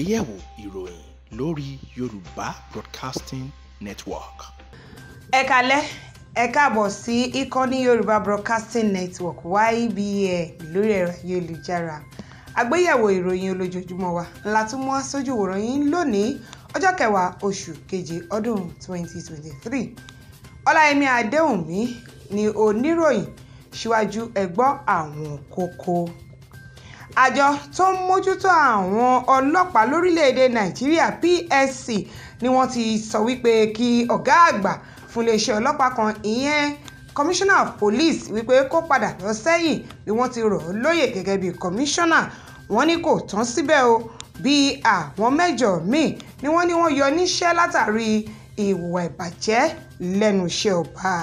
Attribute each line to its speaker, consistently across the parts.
Speaker 1: àgbéyẹ̀wò ìròyìn lórí Yorùbá Broadcasting Network.
Speaker 2: ẹ kalẹ́ ẹ káàbọ̀ sí ìkànnì Yorùbá Broadcasting Network YBN lórí ẹ̀rọ ayélujára àgbéyẹ̀wò ìròyìn olójoojúmọ́ wa la tún mú sójú wòrán yín lónìí ọjọ́ kẹwàá oṣù keje ọdún 2023 ọláyẹmí mi ni oníròyìn síwájú ẹ gbọ́ àwọn kókó àjọ tó ń mójútó àwọn ọlọ́pàá lórílẹ̀‐èdè nàìjíríà psc ni wọ́n ti sọ wípé kí ọ̀gá àgbà fún iléeṣẹ́ ọlọ́pàá kan ìyẹn commissioner of police wípé kó padà lọ sẹ́yìn bí wọ́n ti rọ̀ ọ́ lóyè gẹ́gẹ́ bí commissioner wọ́n ní kò tán síbẹ̀ o bíi àwọn mẹ́jọ míì ni wọ́n ní wọ́n yọ níṣẹ́ látàrí ìwà ìbàjẹ́ lẹ́nu iṣẹ́ ọba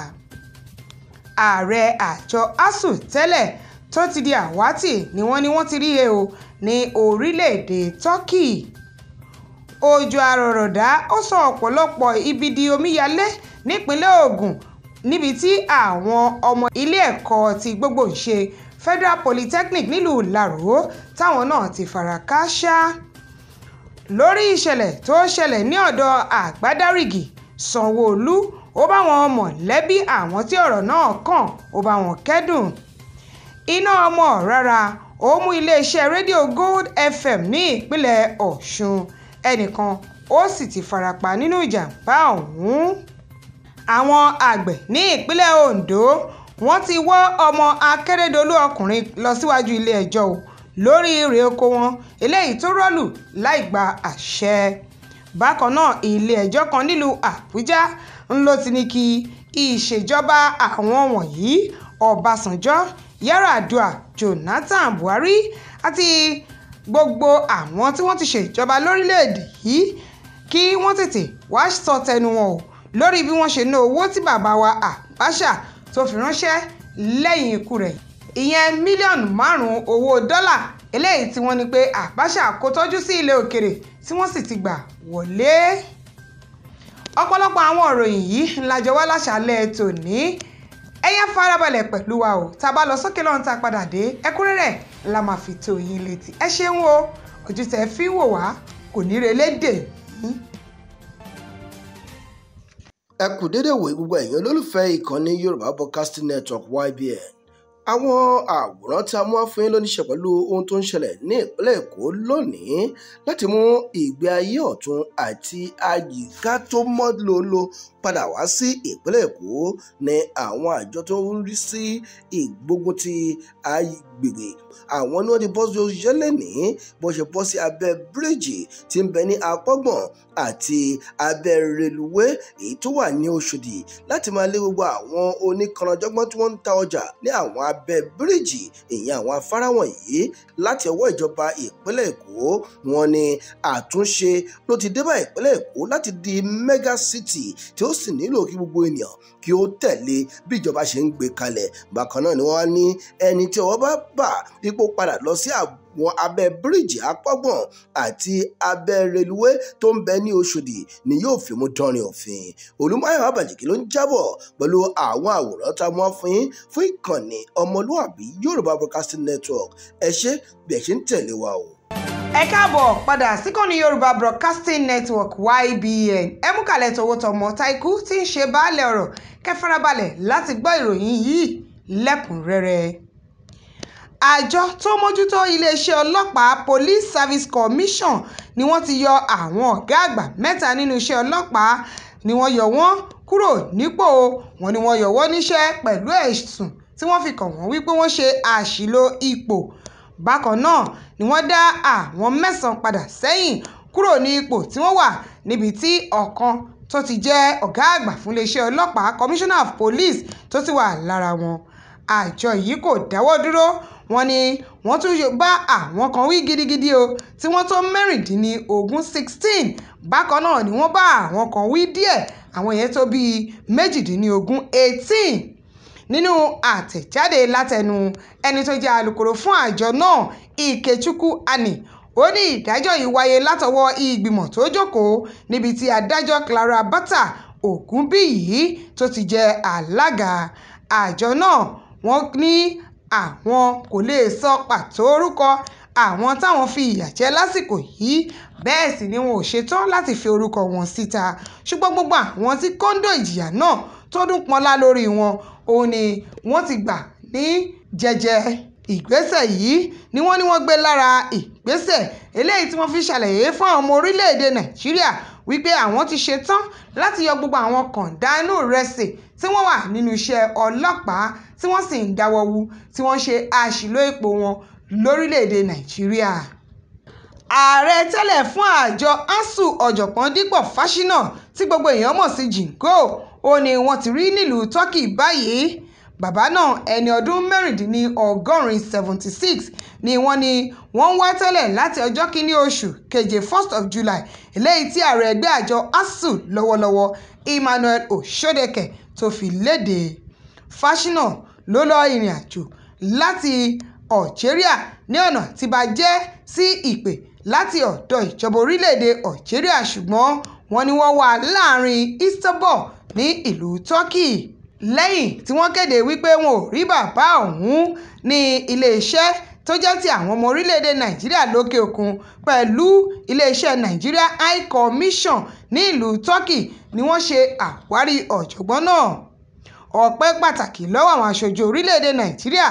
Speaker 2: ààrẹ àjọ asuu tẹ́lẹ̀ tó ti di àwátì ni wọ́n ní wọ́n ti rí he o ní orílẹ̀-èdè Turkey òjò àrọ̀rọ̀dá ó sọ ọ̀pọ̀lọpọ̀ ibi di omíyalé nípínlẹ̀ ogun níbi tí àwọn ọmọ ilé ẹ̀kọ́ ti gbogboǹṣe Federal Polytechnic nílùú Ìlàró táwọn náà ti fara kááṣá lórí ìṣẹ̀lẹ̀ tó ṣẹlẹ̀ ní ọ̀dọ̀ Àgbádárìgì Sanwó-Olú ó bá wọn mọ̀lẹ́bí àwọn tí ọ̀rọ̀ náà kàn ó bá wọn kẹ́dùn iná ọmọ rárá ó mú iléeṣẹ́ rédíò Gold FM ní ìpínlẹ̀ Ọ̀ṣun ẹnìkan ó sì ti farapa nínú ìjàmbá ọ̀hún àwọn àgbẹ̀ ní ìpínlẹ̀ Ondo wọ́n ti wọ́ ọmọ Akérédolú ọkùnrin lọ síwájú ilé-ẹjọ́ o lórí irè oko wọn eléyìí tó rọ́ọ̀lù láì gba àṣẹ bákan náà ilé-ẹjọ́ kan nílùú Àbújá ń ló ti ní kí ìṣèjọba àwọn wọ̀nyí Ọbásanjọ́ Yar'Adua Jonathan Buhari àti gbogbo àwọn tí wọ́n ti ṣèjọba lórílẹ̀‐èdè yìí kí wọ́n tètè wá sọ tẹnu wọn o lórí bí wọ́n ṣe ná owó tí bàbá wa Abacha tó fi ránṣẹ́ lẹ́yìn ikú rẹ̀ ìyẹn mílíọ̀nù márùn-ún owó dọ́là eléyìí tí wọ́n ní pé Abacha kó tọ́jú sí ilẹ̀ òkèrè tí wọ́n sì ti gbà wọlé ọ̀pọ̀lọpọ̀ àwọn òròyìn yìí ńlájọ wá láṣálẹ́ tòní ẹ̀yẹ́ farabalẹ̀ pẹ̀lú wa o tá a bá lọ sókè lọ́run tá a padà dé ẹ̀kúnrẹ́rẹ́ la máa fi tó yín létí
Speaker 1: ẹ ṣeun o ojú tẹ fi ń wò wá kò ní relédè yín. ẹ kú dédé wòye gbogbo ẹ̀yin olólùfẹ́ ìkànnì Yorùbá Broadcasting Network YBN àwọn àwòrán tí a mú wá fún yín ló ní ṣe pẹ̀lú ohun tó ń ṣẹlẹ̀ ní ìpínlẹ̀ Èkó lónìí láti mú ìgbé ayé ọ̀tun àti àyíká tó mọ́ lólo padà wá sí ìpínlẹ̀ Èkó ni àwọn àjọ tó ń rí sí ìgbógun ti agbègbè àwọn ni wọ́n ti bọ́ sí òṣìṣẹ́ lẹ́ni bó ṣe bọ́ sí abẹ́ bíríìjì tí ń bẹ ní apọ́gbọ̀n àti abẹ́ reluwé èyí tó wà ní Òṣòdì láti máa lé gbogbo àwọn oníkanranjọ́gbọ́n tí wọ́n ń ta ọjà ní àwọn abẹ́ bíríìjì ìyẹn àwọn afárá wọ̀nyí láti ọwọ́ ìjọba ìpínlẹ̀ Èkó wọ́n ní àtúnṣe ló ti dé bá ìpínlẹ̀ Èkó láti di mega city tí ó sì nílò kí gbogbo ènìyàn kí ó tẹ̀lé bí ìjọba ṣe ń gbé kalẹ̀ bákan náà ni wọ́n á ní ẹni tí ọwọ́ bá bà ipò padà lọ sí àbúrò wọn abẹ́ bíríìjì apọ́gbọ̀n àti abẹ́ reluwé tó ń bẹ ní Ọ̀ṣọ́dì ni yóò fi mú dánrin òfin Olúmáyọ̀ Àbàjìkí ló ń jábọ̀ pẹ̀lú àwọn àwòrán tá a mú àfin fún ìkànnì ọmọlúwàbí Yorùbá Broadcasting Network ẹ ṣé bí ṣe ń tẹ̀lé wa o
Speaker 2: ẹ káàbọ̀ padà síkànnì yorùbá
Speaker 1: broadcasting network ybn
Speaker 2: ẹ mú kàlẹ̀ tọwọ́ tọmọ taiku tí ń ṣe baálẹ̀ ọ̀rọ̀ kẹfarabalẹ̀ láti gbọ́ ìròyìn yìí lẹ́kùnrẹ́rẹ́ àjọ tó mójútó iléeṣẹ́ ọlọ́pàá police service commission ni wọ́n ti yọ àwọn ọ̀gá àgbà mẹ́ta nínú iṣẹ́ ọlọ́pàá ni wọ́n yọ wọ́n kúrò nípò wọn ni wọ́n yọ wọ́n níṣẹ́ pẹ̀lú ẹ̀sùn tí wọ́n fi kàn wọ́n wípé wọ́n ṣe àṣìlò ipò Bákan náà ni wọ́n dá àwọn mẹ́sàn-án padà sẹ́yìn kúrò ní ipò tí wọ́n wà níbi tí ọ̀kan tó ti jẹ́ ọ̀gá àgbà fún iléeṣẹ́ ọlọ́pàá (Commissioner of Police) tó sì wà lára wọn. Àjọ yìí kò dáwọ́ dúró, wọ́n ní wọ́n tún bá àwọn kan wí gidigidi o tí wọ́n tó mẹ́rìndínlógún (16). Bákan náà ni wọ́n bá àwọn kan wí díẹ̀, àwọn yẹn tó bíi méjìdínlógún eighteen nínú àtẹ̀jáde látẹnu ẹni tó jẹ́ alukoro fún àjọ náà Ikechukwu Ani ó ní ìdájọ́ yìí wáyé látọwọ́ ìgbìmọ̀ tó jókòó níbi tí adájọ́ Clara Bata Ògúnbíyì tó ti jẹ́ alága àjọ náà wọ́n ní àwọn kò lè sọ pàtó orúkọ àwọn táwọn fi ìyà jẹ lásìkò yìí bẹ́ẹ̀ sì ni wọn ò ṣetán láti fi orúkọ wọn síta ṣùgbọ́n gbogbo àwọn tí kóńdó ìjìyà náà tó dún pọnlá lórí wọn ó ní wọ́n ti gbà ní jẹ́jẹ́ ìgbésẹ̀ yìí ni wọ́n ní wọ́n gbé lára ìgbésẹ̀ eléyìí tí wọ́n fi ṣàlàyé fún àwọn ọmọ orílẹ̀-èdè nàìjíríà wípé àwọn ti ṣetán láti yọ gbogbo àwọn kọ̀ǹda inú ìrẹsì tí wọ́n wà nínú iṣẹ́ ọlọ́pàá tí wọ́n sì ń dáwọ́ wu tí wọ́n ṣe àṣìlò ipò wọn lórílẹ̀-èdè nàìjíríà ààrẹ tẹ́lẹ̀ fún àjọ asuu ọ̀jọ̀gbọ́n dípò fáṣínà tí gbogbo èèyàn mọ̀ sí jìǹkó ó ní wọ́n ti rí nílùú turkey báyìí bàbá náà ẹni ọdún mẹ́rìndínlọ́gọ́rin seventy six ni wọ́n ní wọ́n ń wá tẹ́lẹ̀ láti ọjọ́ kínní oṣù keje first of july eléyìí tí ààrẹ ẹgbẹ́ àjọ asuu lọ́wọ́lọ́wọ́ emmanuel osodeke tó fi léde fáṣínà ló lọ ìrìn àjò láti algeria ní ọ̀nà tí bá jẹ́ sí ìpè láti ọ̀dọ̀ ìjọba orílẹ̀-èdè algeria ṣùgbọ́n wọ́n ní wọ́n wà láàrin istanbul ní ìlú turkey lẹ́yìn tí wọ́n kéde wípé wọn ò rí bàbá ọ̀hún ní iléeṣẹ́ tó jẹ́ ti àwọn ọmọ orílẹ̀-èdè nàìjíríà lókè òkun pẹ̀lú iléeṣẹ́ nigeria high commission ní ìlú turkey ni wọ́n ṣe àwárí ọ̀jọ̀gbọ́n náà ọpẹ́ pàtàkì lọ́wọ́ àwọn aṣojú orílẹ̀-èdè nàìjíríà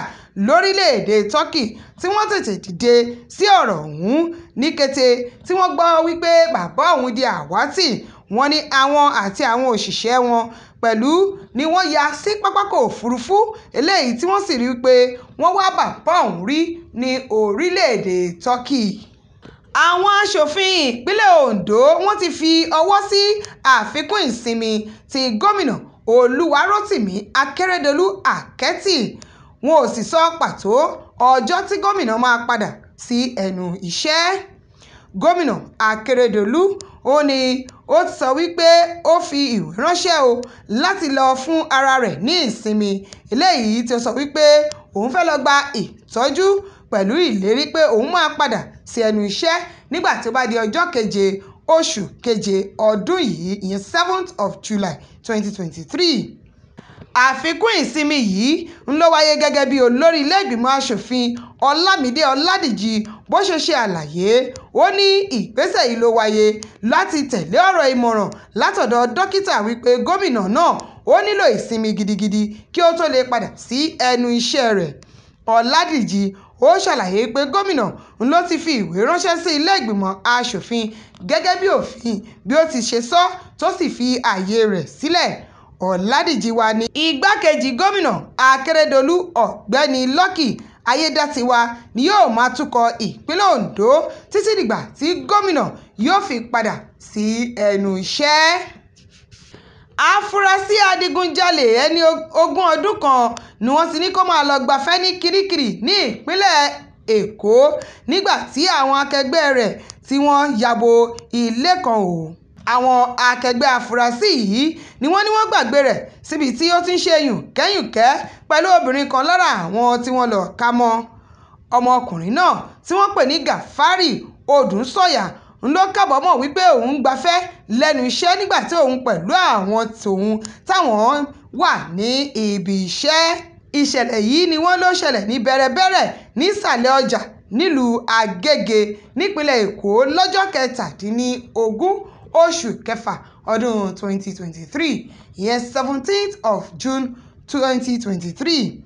Speaker 2: lórílẹ̀-èdè turkey tí wọ́n tètè dìde sí ọ̀rọ̀ ọ̀hún ní kété tí wọ́n gbọ́ wípé bàbá ọ̀hún di àwátì wọ́n ní àwọn àti àwọn òṣìṣẹ́ wọn pẹ̀lú ni wọ́n ya sí pápákọ̀ òfurufú eléyìí tí wọ́n sì rí i pé wọ́n wá bàbá òun rí ní orílẹ̀-èdè Turkey àwọn aṣòfin ìpínlẹ̀ Ondo wọ́n ti fi ọwọ́ sí àfikún ìsinmi ti gómìnà Olúwarótìmí Akérédolú Àkẹ́tì wọn ò sì sọ pàtó ọjọ́ tí gómìnà máa padà sí ẹnu iṣẹ́ gómìnà Akérédolú ó ní ó sọ wípé ó fi ìwé o láti lọ fún ara rẹ̀ ní ìsinmi eléyìí tí ó sọ wípé òun fẹ́ lọ gba ìtọ́jú pẹ̀lú ìlérí pé òun máa padà sí ẹnu iṣẹ́ nígbà tí ó bá di ọjọ́ keje oṣù keje ọdún yìí ìyẹn seventh of July 2023 àfikún ìsinmi yìí ń lọ wáyé gẹ́gẹ́ bí olórí ilé-ìgbìmọ̀ asòfin ọlámìdé ọládíjì bó ṣe ṣe àlàyé ó ní ìgbésẹ̀ yìí ló wáyé láti tẹ̀lé ọ̀rọ̀ ìmọ̀ràn látọ̀dọ̀ dókítà wípé gómìnà náà ó nílò ìsinmi gidigidi kí ó tó lè padà sí ẹnu iṣẹ́ rẹ̀ ọládíjì ó ṣàlàyé pé gómìnà ló ti fi ìwé ránṣẹ́ sí ilé-ìgbìmọ̀ asòfin gẹ́gẹ́ bí òfin bí ó ti ṣe sọ tó sì fi ààyè rẹ̀ sílẹ̀ ọ̀làdìjí wa ni igbákejì gómìnà akérèdọ́lù ọ̀gbẹ́ni lucky ayédátiwa ni yóò máa tukọ̀ ìpínlẹ̀ ondo títí dìgbà tí gómìnà yóò fi padà sí ẹnu iṣẹ́ afurasí adigunjalè ẹni ogún ọdún kan ni wọ́n ti ní kó máa lọ gbafẹ́ ní kirikiri ní ìpínlẹ̀ èkó nígbà tí àwọn akẹgbẹ́ rẹ̀ tí wọ́n ya ilé kan o àwọn akẹgbẹ́ afurasí yìí ni wọ́n ní wọ́n gbàgbé rẹ̀ síbi tí ó ti ń ṣe yùnkẹ́yùnkẹ́ pẹ̀lú obìnrin kan lára àwọn tí wọ́n lọ ká mọ́ ọmọkùnrin náà tí wọ́n pè ní Gàfárì Odùnsọ̀yà ń ló kábọ̀mọ̀ wípé òun gbafẹ́ lẹ́nu iṣẹ́ nígbà tí òun pẹ̀lú àwọn tòun táwọn wà ní ibi iṣẹ́ ìṣẹ̀lẹ̀ yìí ni wọ́n ló ṣẹlẹ̀ ní bẹ̀rẹ̀bẹ̀rẹ̀ nísàlẹ̀ ọjà nílùú Agége nípínlẹ̀ Èkó lọ́jọ́ kẹtàdínní ogún oṣù kẹfà ọdún 2023 ìyẹn 17th of June 2023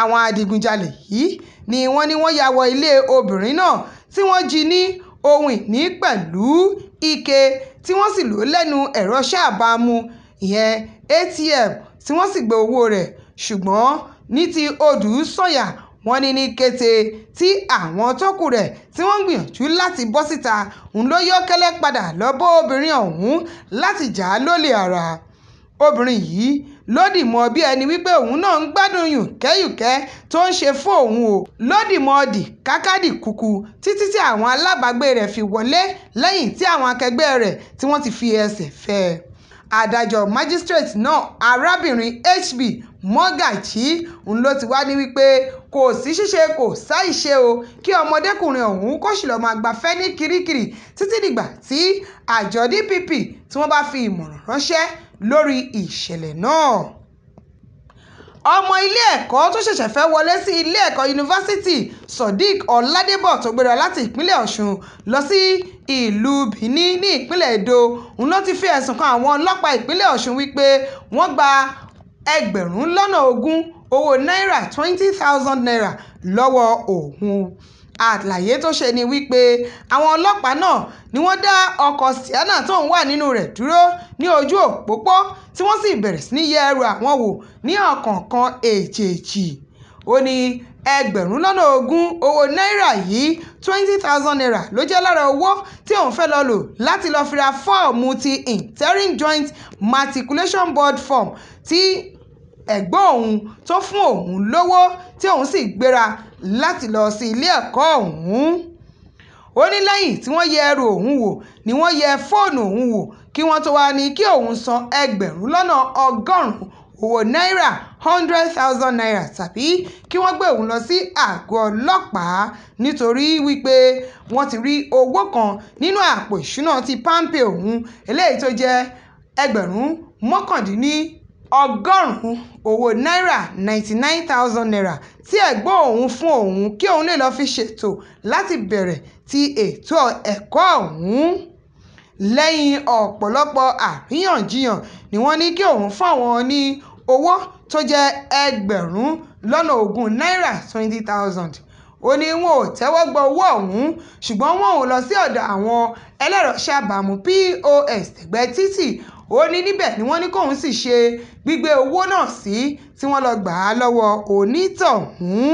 Speaker 2: àwọn adigunjalè yìí ni wọ́n ní wọ́n ya wọ ilé obìnrin náà tí wọ́n jí ní ohun ìní pẹ̀lú ike tí wọ́n sì lò lẹ́nu ẹ̀rọ ṣáàbàmù ìyẹn ATM tí wọ́n sì gba owó rẹ̀ ṣùgbọ́n ní ti Odù Sànyà wọ́n ní ní kété tí àwọn tó kù rẹ̀ tí wọ́n ń gbìyànjú láti bọ́ síta òun ló yọ́ kẹ́lẹ́ padà lọ bó obìnrin ọ̀hún láti jà á lólè ara obìnrin yìí lódì mọ́ bí ẹni wípé òun náà ń gbádùn yùnkẹ́yùnkẹ́ tó ń ṣe fún òun o lódì mọ́ dì kákàdì kùkù títí tí àwọn alábàágbé rẹ̀ fi wọlé lẹ́yìn tí àwọn akẹgbẹ́ rẹ̀ tí wọ́n ti fi ẹsẹ̀ fẹ́ ẹ adájọ́ magistrate náà arábìnrin hb mọ́gàjí òun ló ti wá ní wípé kò sí ṣíṣe kò sáìṣe o kí ọmọdékùnrin ọ̀hún kó sì lọ́ọ́ máa gbafẹ́ ní kirikiri títí dìgbà tí àjọ DPP tí wọ́n bá fi ìmọ̀ràn ránṣẹ́ lórí ìṣẹ̀lẹ̀ náà ọmọ ilé ẹ̀kọ́ tó ṣẹ̀ṣẹ̀ fẹ́ wọlé sí ilé ẹ̀kọ́ yunifásítì Sodiq Ọládébọ̀ tó gbéra láti ìpínlẹ̀ Ọ̀ṣun lọ sí ìlú Benin ní ìpínlẹ̀ Èdò òun ló ti fi ẹ̀sùn kan àwọn ọlọ́pàá ìpínlẹ̀ Ọ̀ṣun wípé wọ́n gba ẹgbẹ̀rún lọ́nà ogún owó náírà twenty thousand naira lọ́wọ́ òun àlàyé tó ṣe ni wípé àwọn ọlọ́pàá náà ni wọ́n dá ọkọ̀ sienna tó ń wà nínú rẹ̀ dúró ní ojú òpópó tí wọ́n sì bẹ̀rẹ̀ sí ní yẹ ẹrù àwọn wò ní ọ̀kọ̀ọ̀kan èjèèjì ó ní ẹgbẹ̀rún lọ́nà ogún owó náírà yìí twenty thousand naira ló jẹ́ lára owó tí òun fẹ́ lọ lò láti lọ́ọ́ fira fọ́ọ̀mù ti interim joint matriculation board form ti ẹ̀gbọ́n òun tó fún òun lówó tí òun sì gbéra láti lọ sí ilé ẹ̀kọ́ ọ̀hún ó ní lẹ́yìn tí wọ́n yẹ ẹrù òun wò ni wọ́n yẹ fóònù òun wò kí wọ́n tó wáá ní kí òun san ẹgbẹ̀rún lọ́nà ọgọ́rùn-ún owó náírà hundred thousand naira tàbí kí wọ́n gbé òun lọ sí àgọ́ ọlọ́pàá nítorí wípé wọ́n ti rí owó kan nínú àpò ìṣúná ti páńpẹ́ òun eléyìí tó jẹ́ ẹgbẹ̀rún mọ́kàndínní ọgọ́rùn-ún owó náírà ninety nine thousand naira tí ẹ̀gbọ́n òun fún òun kí òun lè lọ́ọ́ fi ṣètò láti bẹ̀rẹ̀ ti ètò ẹ̀kọ́ òun lẹ́yìn ọ̀pọ̀lọpọ̀ àríyànjiyàn ni wọ́n ní kí òun fáwọn ní owó tó jẹ́ ẹgbẹ̀rún lọ́nà ogún náírà twenty thousand ó ní wọn ò tẹ́wọ́ gba owó ọ̀hún ṣùgbọ́n wọn ò lọ sí ọ̀dọ̀ àwọn ẹlẹ́rọ ṣàbàmù pos tẹ̀gbẹ́ títì ó ní níbẹ̀ ni wọ́n ní kóun sì ṣe gbígbé owó náà sí tí wọ́n lọ gbà á lọ́wọ́ onítọ̀hún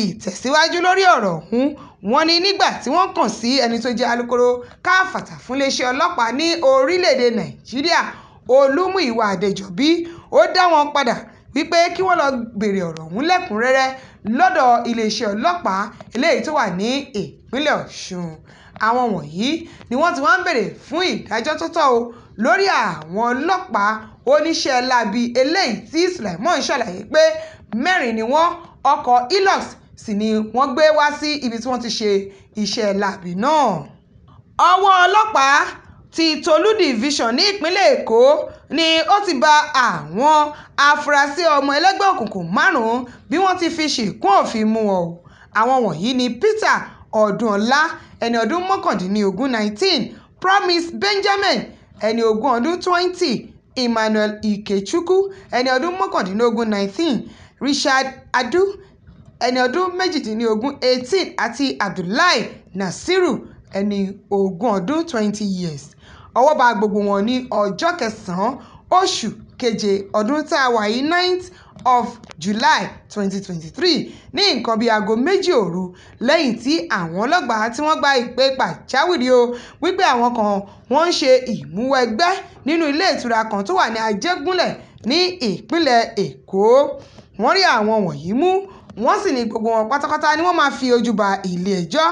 Speaker 2: ìtẹ̀síwájú lórí ọ̀rọ̀ ọ̀hún wọ́n ní nígbà tí wọ́n kàn sí ẹni tó jẹ́ alukoro káfàtà fúnléeṣẹ́ ọlọ́pàá ní orílẹ̀-èdè nàìjíríà olúmúìwà àdèjọ́bí ó dá wọn padà wípé kí wọ́n lọ béèrè ọ̀rọ̀ ọ̀hún lẹ́kùnrẹ́rẹ́ lọ́dọ̀ iléeṣẹ́ ọlọ́pàá eléyìí tó wà ní ìpínlẹ̀ ọ̀ṣun àwọn wọ̀nyí ni wọ́n ti wá ń béèrè fún ìdájọ́ tó tọ́ o lórí àwọn ọlọ́pàá oníṣẹ́ láabi eléyìí tí Sulaiman ṣàlàyé pé mẹ́rin ni wọ́n ọkọ̀ Hilux sì ni wọ́n gbé wá sí ibi tí wọ́n ti ṣe iṣẹ́ láabi náà. ọwọ́ ọlọ́pàá ti Tolu Division ní ìpínlẹ̀ Èkó ni ó ti ba àwọn afurasí ọmọ ẹlẹ́gbẹ́ òkùnkùn márùn-ún bí wọ́n ti fi ṣìkún òfin mú wọn o àwọn wọ̀nyí ni Peter Odúnọlá, ẹni ọdún mọ́kàndínlógún nineteen. Promise Benjamin, ẹni ogún ọdún twenty. Emmanuel Ikechukwu, ẹni ọdún mọ́kàndínlógún nineteen. Richard Adu, ẹni ọdún méjìdínlógún (18) àti Abdullahi Nasiru, ẹni ogún ọdún (20 years). Ọwọ́ ba gbogbo wọn ní ọjọ́ 9, oṣù keje ọdún tá a wà yìí 9 of July 2023 ní nǹkan bíi aago méjì òru lẹ́yìn tí àwọn ọlọ́pàá tí wọ́n gba ìpè pàjáwìrì o wípé àwọn kan wọ́n ń ṣe ìmúwẹgbẹ́ nínú ilé ìtura kan tó wà ní Ajégúnlẹ̀ ní ìpínlẹ̀ Èkó. Wọ́n rí àwọn wọ̀nyí mú, wọ́n sì ní gbogbo wọn pátápátá ni wọ́n máa fi ojú ba ilé-ẹjọ́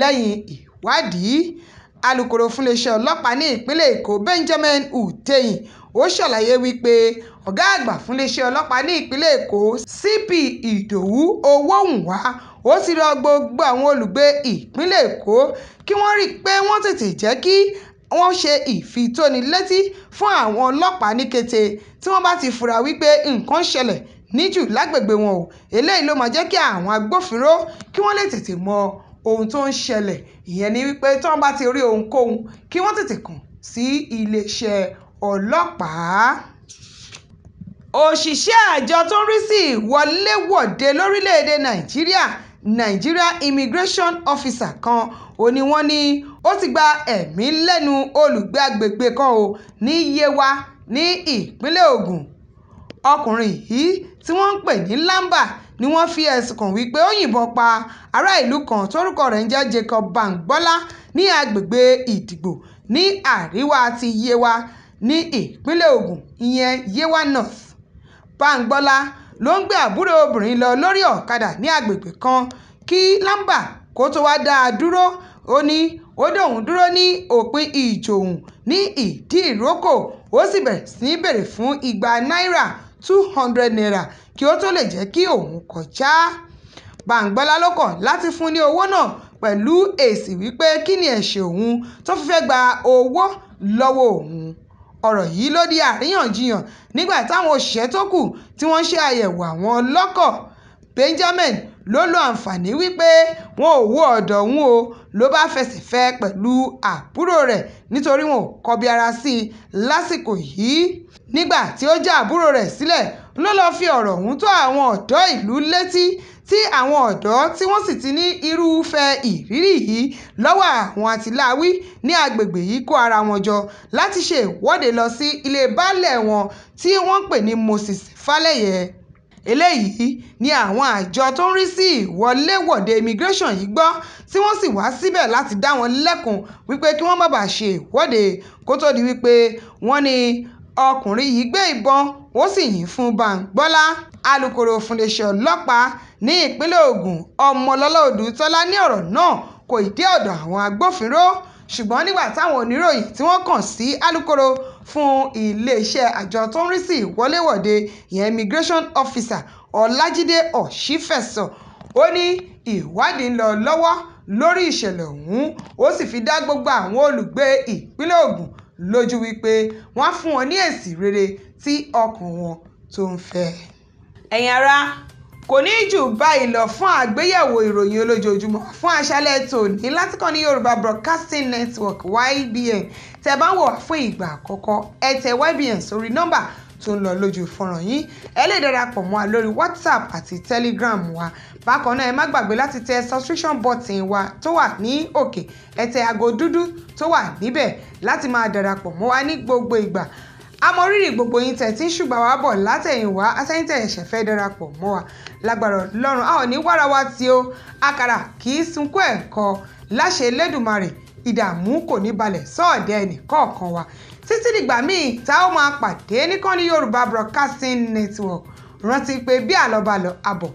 Speaker 2: lẹ́yìn ìwádìí. Alūkkóró fúnléeṣẹ́ ọlọ́pàá ní ìpínlẹ̀ Èkó Benjamin Hundeyin ó ṣàlàyé wípé ọ̀gá àgbà fúnléeṣẹ́ ọlọ́pàá ní ìpínlẹ̀ èkó cp ìdòwú owóhùnwá ó ti rọ gbogbo àwọn olùgbé ìpínlẹ̀ èkó kí wọ́n rí i pé wọ́n tètè jẹ́ kí wọ́n ṣe ìfitónilétí fún àwọn ọlọ́pàá ní kété tí wọ́n bá ti fura wípé nǹkan ṣẹlẹ̀ níjù lágbègbè wọn o eléyìí ló máa jẹ́ kí àwọn agbófinró kí wọ́n lè tètè mọ ohun tó ń ṣẹlẹ̀ ìyẹn ni wípé tí wọ́n bá ti rí ohunkóhun kí wọ́n tètè kàn sí iléeṣẹ́ ọlọ́pàá. òṣìṣẹ́ àjọ tó ń rí sí ìwọléwọ̀de lórílẹ̀‐èdè nàíjíríà nigeria immigration officer kan ò ní wọ́n ní ó ti gba ẹ̀mí lẹ́nu olùgbé àgbègbè kan ò ní yewa ní ìpínlẹ̀ ogun ọkùnrin yìí tí wọ́n ń pè ní lamba ni wọ́n fi ẹ̀sùn kàn wípé ó yìnbọn pa ará ìlú kan tórúkọ rẹ̀ ń jẹ́ jacob bamgbọ́lá ní agbègbè ìdìgbò ní àríwá ti yewa ní ìpínlẹ̀ Ògùn ìyẹn Yewa North. Báńgbọ́lá ló ń gbé àbúrò obìnrin lọ lórí ọ̀kadà ní agbègbè kan kí Lamba kó tóo wáá dá a dúró ó ní ó dóun dúró ní òpin Ìjòhùn ní Ìdí-ìrókò ó sì bẹ̀rẹ̀ sí í béèrè fún igba náírà two hundred naira kí ó tó lè jẹ́ kí òun kọjá. Báńgbọ́lá ló kọ̀ láti fún un ní owó náà pẹ̀lú èsì wípé kí ni ẹ̀ṣẹ̀ òun tó fi fẹ́ gba owó lọ́wọ́ òun ọ̀rọ̀ yìí ló di àríyànjiyàn nígbà táwọn òṣìṣẹ́ tó kù tí wọ́n ń ṣe àyẹ̀wò àwọn ọlọ́kọ̀ benjamin ló lo àǹfààní wípé wọn ò wo ọ̀dọ̀ òun o ló bá fẹsẹ̀ fẹ́ pẹ̀lú àbúrò rẹ̀ nítorí wọn ò kọbi ara sí i lásìkò yìí nígbà tí ó já àbúrò rẹ̀ sílẹ̀ ló lọ́ọ́ fi ọ̀rọ̀ ọ̀hún tó àwọn ọ̀dọ́ ìlú létí tí àwọn ọ̀dọ́ tí wọ́n sì ti ní irúfẹ́ ìrírí yìí lọ́wọ́ àwọn àtìláàwí ní àgbègbè yìí kó ara wọn jọ láti ṣe ìwọ́de lọ sí ilé baálẹ̀ wọn tí wọ́n ń pè ní moses falẹ́yẹ eléyìí ni àwọn àjọ tó ń rí sí ìwọléwọ̀de immigration yìí gbọ́ tí wọ́n sì wá síbẹ̀ láti dá wọn lẹ́kùn wípé kí wọ́n má bàa ṣe ìwọ́de kó tó di wípé wọ́n ní ọkùnrin yìí gbé ìbọn ó sì yìn fún báńgbọ́lá alūkkóró fúnléèṣẹ̀ ọlọ́pàá ní ìpínlẹ̀ Ògùn ọmọlọ́lá ọ̀dùtọ́lá ní ọ̀rọ̀ náà kò ì dé ọ̀dọ̀ àwọn agbófinró ṣùgbọ́n nígbà táwọn oníròyìn tí wọ́n kàn sí alūkkóró fún iléeṣẹ́ àjọ tó ń rí sí ìwọléwọ̀de ìyẹn immigration officer ọlájídé ọ̀ṣífẹ̀sọ ó ní ìwádìí ń lọ lọ́wọ́ lórí ìṣẹ̀lẹ̀ ọ̀hún ó sì fi dá gbogbo àwọn olùgbé ìpínlẹ̀ Ògùn lójú wípé wọ́n á fún wọn ní èsì rere tí ọkàn wọn tó ń fẹ́. ẹ̀yin ará kò ní jù báyìí lọ fún àgbéyẹ̀wò ìròyìn olójoojúmọ́ fún aṣálẹ̀ tòní láti kàn ní yorùbá broadcasting network ybn tẹ́ bá ń wò wá fún ìgbà àkọ́kọ́ ẹ ybn sórí nọ́mbà tó ń lọ lójú fọ́nrán yìí ẹ lè darapọ̀ mọ́ wa lórí WhatsApp àti Telegram wa bákan náà ẹ má gbàgbé láti tẹ subscription button wa tó wà ní òkè ẹ tẹ aago dúdú tó wà níbẹ̀ láti máa darapọ̀ mọ́ wa ní gbogbo ìgbà amọrírì gbogbo yín tẹ̀ tí ń ṣùgbọ́n wá bọ̀ látẹ̀yìnwá àtẹ̀yìntẹ̀ ẹ̀ṣẹ̀ fẹ́ darapọ̀ mọ́ wa lágbára lọ́rùn àwọn ní wárawá tí ó àkàrà kì í sunkún ẹ̀kọ́ láṣẹ lẹ́dùnmarè ìdààmú kò ní balẹ̀ sọ́ọ̀dẹ̀ ẹnì kọ̀ọ̀kan wa títí dìgbà míì tá ó máa pàdé níkànnì Yorùbá Broadcasting Network rántí pé bí àlọ́balọ̀ àbọ̀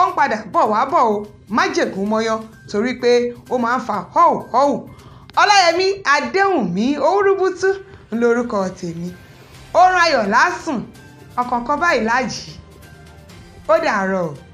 Speaker 2: ó ń padà bọ̀ wá bọ̀ o má jẹ̀gún mọ́yán torí pé ó máa ń fa họ́ù họ́ù ọláyẹmí adéhùnmí owúrúbútú lórúkọ tèmi oorun ayọ̀ lásùn ọ̀kọ̀ọ̀kan báyìí láàjì ó dàárọ̀ o.